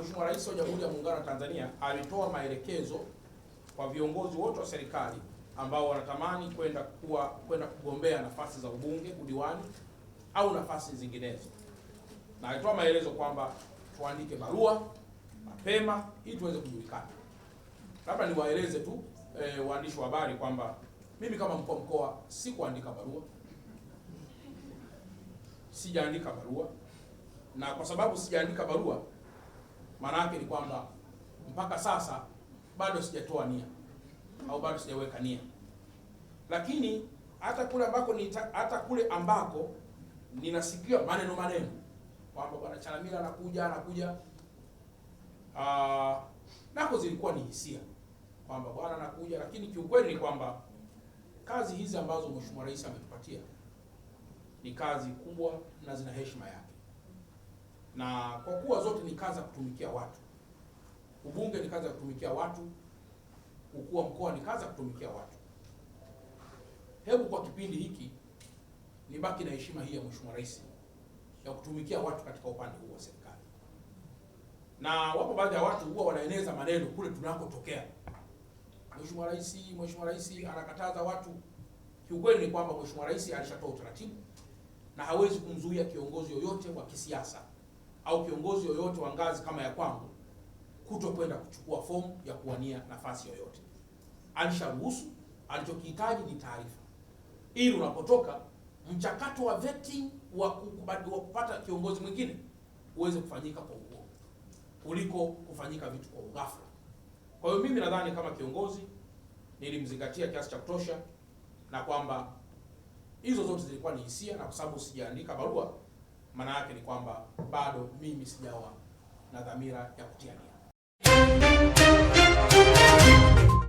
Mheshimiwa Rais wa Jamhuri ya Muungano wa Tanzania alitoa maelekezo kwa viongozi wote wa serikali ambao wanatamani kwenda kuwa kwenda kugombea nafasi za ubunge, udiwani au nafasi zinginezo, na alitoa maelezo kwamba tuandike barua mapema ili tuweze kujulikana. Labda niwaeleze tu e, waandishi wa habari kwamba mimi kama mkuu wa mkoa sikuandika barua, sijaandika barua, na kwa sababu sijaandika barua maana yake ni kwamba mpaka sasa bado sijatoa nia au bado sijaweka nia, lakini hata kule ambako ni hata kule ambako ninasikia maneno maneno kwamba bwana Chalamila anakuja anakuja, ah, nako zilikuwa ni hisia kwamba bwana anakuja, lakini kiukweli ni kwamba kazi hizi ambazo mheshimiwa rais ametupatia ni kazi kubwa na zina heshima yake na kwa kuwa zote ni kazi ya kutumikia watu, ubunge ni kazi ya kutumikia watu, ukuu wa mkoa ni kazi ya kutumikia watu. Hebu kwa kipindi hiki nibaki na heshima hii ya Mheshimiwa Rais ya kutumikia watu katika upande huu wa serikali, na wapo baadhi ya watu huwa wanaeneza maneno kule tunakotokea, Mheshimiwa Rais, Mheshimiwa Rais anakataza watu. Kiukweli ni kwamba Mheshimiwa Rais alishatoa utaratibu na hawezi kumzuia kiongozi yoyote wa kisiasa au kiongozi yoyote wa ngazi kama ya kwangu kuto kwenda kuchukua fomu ya kuwania nafasi yoyote. Alisharuhusu, alichokihitaji ni taarifa, ili unapotoka mchakato wa vetting wa kupata kiongozi mwingine uweze kufanyika kwa ugumu kuliko kufanyika vitu kwa ghafla. Kwa hiyo mimi nadhani kama kiongozi nilimzingatia kiasi cha kutosha, na kwamba hizo zote zilikuwa ni hisia, na kwa sababu sijaandika barua maana yake ni kwamba bado mimi sijawa na dhamira ya kutia nia.